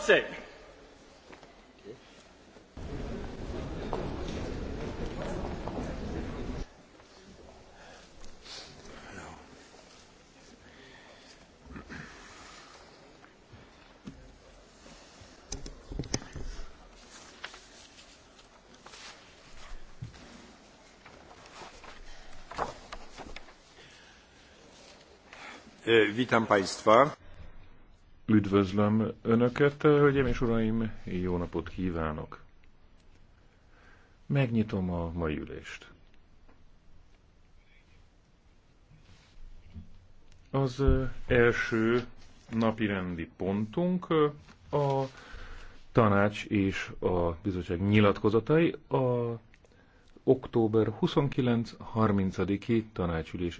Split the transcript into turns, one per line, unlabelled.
przewodniczący!
witam państwa.
Üdvözlöm Önöket, hölgyeim és uraim, jó napot kívánok! Megnyitom a mai ülést. Az első napi rendi pontunk a tanács és a bizottság nyilatkozatai a október 29-30-i
tanácsülés